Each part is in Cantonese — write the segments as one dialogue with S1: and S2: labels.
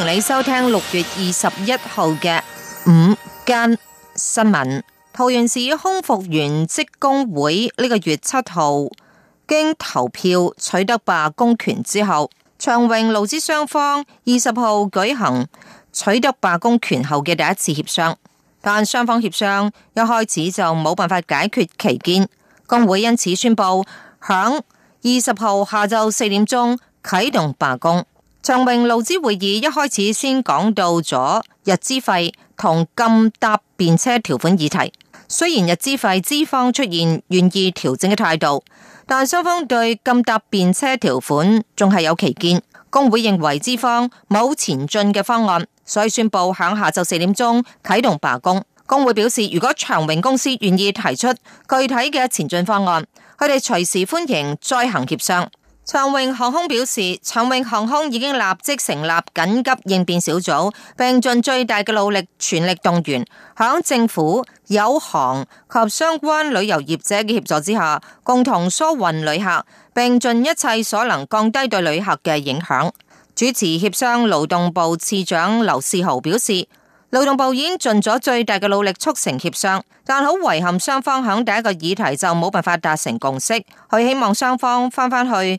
S1: 歡迎你收聽六月二十一號嘅午間新聞。桃園市空服員職工會呢個月七號經投票取得罷工權之後，長榮勞資雙方二十號舉行取得罷工權後嘅第一次協商，但雙方協商一開始就冇辦法解決歧見，工會因此宣布響二十號下晝四點鐘啟動罷工。長榮勞資會議一開始先講到咗日資費同禁搭便車條款議題。雖然日資費資方出現願意調整嘅態度，但雙方對禁搭便車條款仲係有歧見。工會認為資方冇前進嘅方案，所以宣布響下晝四點鐘啟動罷工。工會表示，如果長榮公司願意提出具體嘅前進方案，佢哋隨時歡迎再行協商。長榮航空表示，長榮航空已經立即成立緊急應變小組，並盡最大嘅努力，全力動員響政府、友航及相關旅遊業者嘅協助之下，共同疏運旅客，並盡一切所能降低對旅客嘅影響。主持協商勞動部次長劉士豪表示。勞動部已經盡咗最大嘅努力促成協商，但好遺憾雙方響第一個議題就冇辦法達成共識。佢希望雙方翻翻去諗一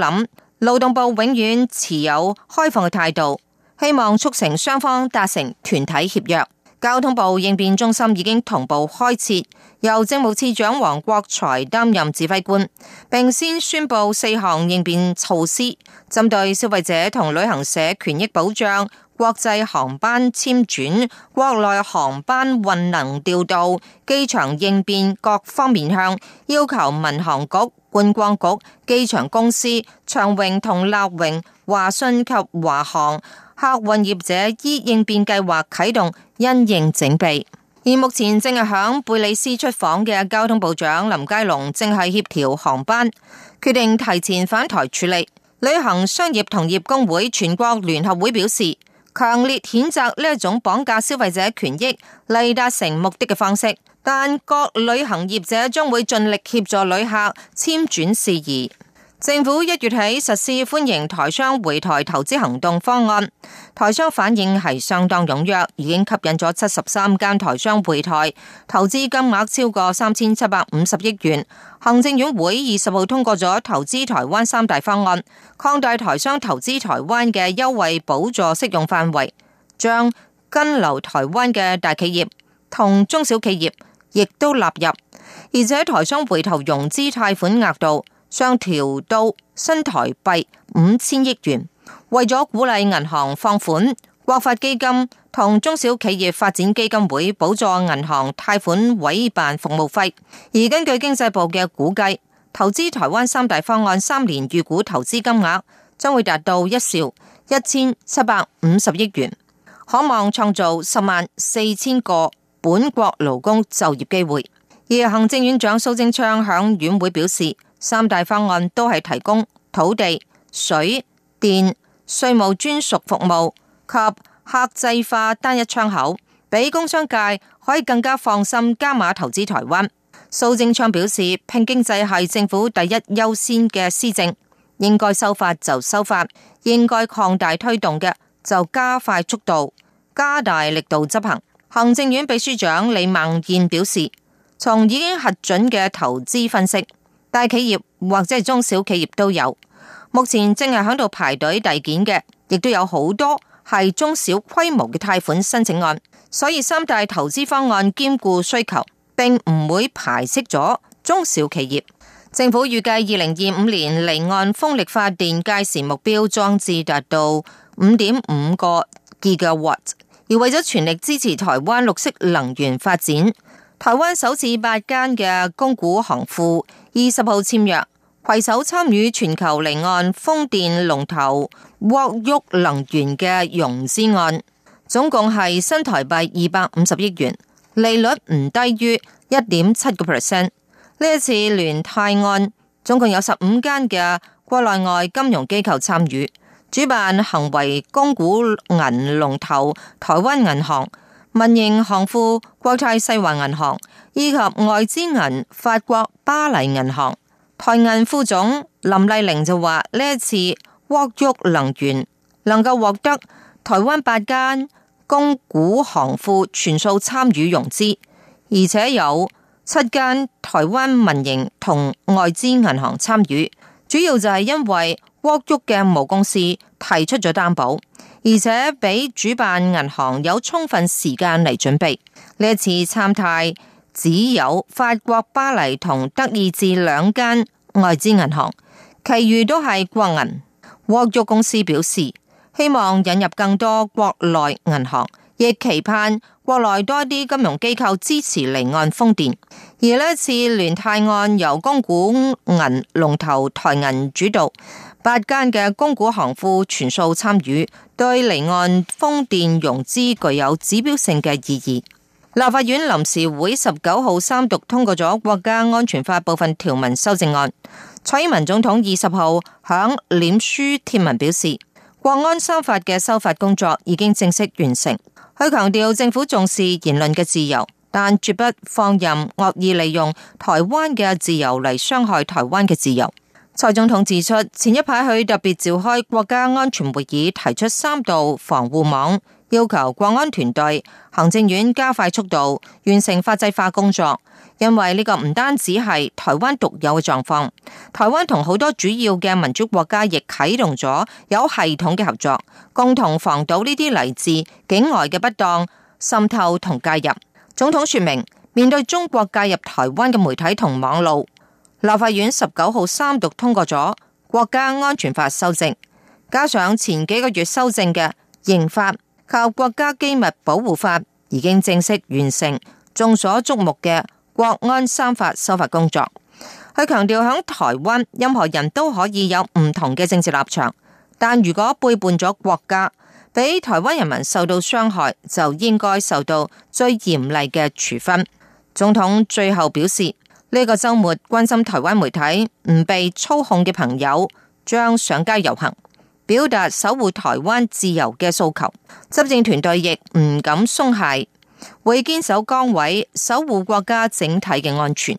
S1: 諗。勞動部永遠持有開放嘅態度，希望促成雙方達成團體協約。交通部應變中心已經同步開設，由政務次長王國財擔任指揮官，並先宣布四項應變措施，針對消費者同旅行社權益保障。國際航班簽轉、國內航班運能調度、機場應變各方面向，要求民航局、觀光局、機場公司、長榮同立榮、華信及華航客運業者依應變計劃啟動因應整備。而目前正係響貝里斯出訪嘅交通部長林佳龍正係協調航班，決定提前返台處理。旅行商業同業工會全國聯合會表示，強烈譴責呢種綁架消費者權益嚟達成目的嘅方式，但各旅行業者將會盡力協助旅客簽轉事宜。政府一月起實施歡迎台商回台投資行動方案，台商反應係相當踴躍，已經吸引咗七十三間台商回台，投資金額超過三千七百五十億元。行政院會二十號通過咗投資台灣三大方案，擴大台商投資台灣嘅優惠補助適用範圍，將根留台灣嘅大企業同中小企業亦都納入，而且台商回投融資貸款額度上調到新台幣五千億元，為咗鼓勵銀行放款，國發基金同中小企業發展基金會補助銀行貸款委辦服務費。而根據經濟部嘅估計，投資台灣三大方案三年預估投資金額將會達到一兆一千七百五十億元，可望創造十萬四千個本國勞工就業機會。而行政院長蘇貞昌響院會表示，三大方案都係提供土地、水、電、稅務專屬服務及客製化單一窗口，俾工商界可以更加放心加碼投資台灣。蘇貞昌表示，拼經濟係政府第一優先嘅施政，應該修法就修法，應該擴大推動嘅就加快速度、加大力度執行。行政院秘書長李孟賢表示，從已經核准嘅投資分析。大企業或者係中小企業都有，目前正係響度排隊遞件嘅，亦都有好多係中小規模嘅貸款申請案，所以三大投資方案兼顧需求，並唔會排斥咗中小企業。政府預計二零二五年離岸風力發電屆時目標裝置達到五點五個 G 嘅 Watt，而為咗全力支持台灣綠色能源發展，台灣首次八間嘅公股行庫二十號簽約攜手參與全球離岸風電龍頭沃旭能源嘅融資案，總共係新台幣二百五十億元，利率唔低於一點七個 percent。呢一次聯泰案總共有十五間嘅國內外金融機構參與，主辦行為公股銀龍頭台灣銀行。民營行庫國泰世華銀行以及外資銀法國巴黎銀行，台銀副總林麗玲就話，呢一次沃旭能源能夠獲得台灣八間公股行庫全數參與融資，而且有七間台灣民營同外資銀行參與，主要就係因為沃旭嘅母公司提出咗擔保。而且俾主辦銀行有充分時間嚟準備呢次參貸只有法國巴黎同德意志兩間外資銀行，其餘都係國銀。沃旭公司表示，希望引入更多國內銀行，亦期盼國內多啲金融機構支持離岸風電。而呢次聯貸案由公股銀龍頭台銀主導。八間嘅公股行庫全數參與，對離岸風電融資具有指標性嘅意義。立法院臨時會十九號三讀通過咗國家安全法部分條文修正案。蔡英文總統二十號響臉書貼文表示，國安修法嘅修法工作已經正式完成。佢強調政府重視言論嘅自由，但絕不放任惡意利用台灣嘅自由嚟傷害台灣嘅自由。蔡總統指出，前一排佢特別召開國家安全會議，提出三道防護網，要求國安團隊、行政院加快速度完成法制化工作。因為呢個唔單止係台灣獨有嘅狀況，台灣同好多主要嘅民族國家亦啟動咗有系統嘅合作，共同防堵呢啲嚟自境外嘅不當滲透同介入。總統說明，面對中國介入台灣嘅媒體同網路。立法院十九號三讀通過咗國家安全法修正，加上前幾個月修正嘅刑法、靠國家機密保護法，已經正式完成眾所矚目嘅國安三法修法工作。佢強調喺台灣，任何人都可以有唔同嘅政治立場，但如果背叛咗國家，俾台灣人民受到傷害，就應該受到最嚴厲嘅處分。總統最後表示。呢個周末，關心台灣媒體唔被操控嘅朋友將上街遊行，表達守護台灣自由嘅訴求。執政團隊亦唔敢鬆懈，會堅守崗位，守護國家整體嘅安全。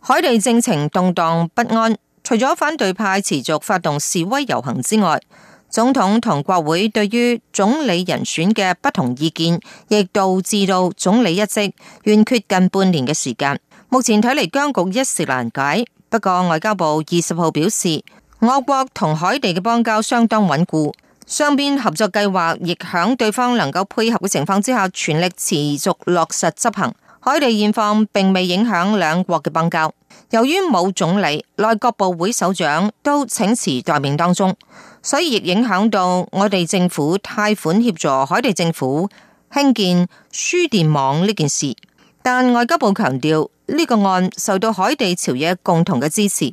S1: 海地政情動盪不安，除咗反對派持續發動示威遊行之外，總統同國會對於總理人選嘅不同意見，亦導致到總理一職懸缺近半年嘅時間。目前睇嚟僵局一時難解，不過外交部二十號表示，我國同海地嘅邦交相當穩固，雙邊合作計劃亦響對方能夠配合嘅情況之下，全力持續落實執行。海地現況並未影響兩國嘅邦交。由於冇總理、內閣部會首長都請辭待命當中，所以亦影響到我哋政府貸款協助海地政府興建輸電網呢件事。但外交部強調。呢個案受到海地朝野共同嘅支持，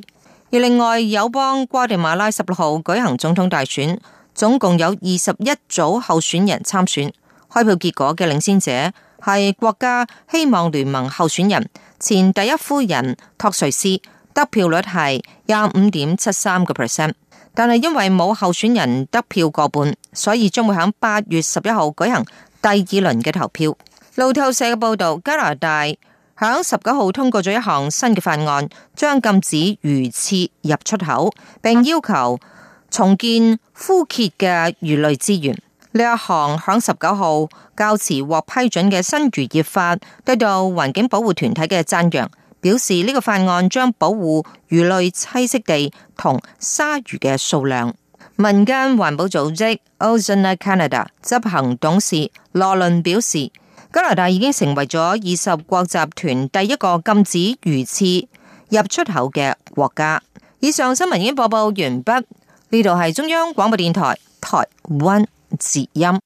S1: 而另外友邦瓜地馬拉十六號舉行總統大選，總共有二十一組候選人參選。開票結果嘅領先者係國家希望聯盟候選人前第一夫人托瑞斯，得票率係廿五點七三個 percent。但係因為冇候選人得票過半，所以將會喺八月十一號舉行第二輪嘅投票。路透社嘅報道，加拿大響十九號通過咗一項新嘅法案，將禁止魚翅入出口，並要求重建枯竭嘅魚類資源。呢一項響十九號較遲獲批准嘅新漁業法得到環境保護團體嘅讚揚，表示呢個法案將保護魚類棲息地同鯊魚嘅數量。民間環保組織 Oceanic Canada 執行董事羅倫表示，加拿大已經成為咗二十國集團第一個禁止魚翅入出口嘅國家。以上新聞已經播報完畢，呢度係中央廣播電台台灣之音。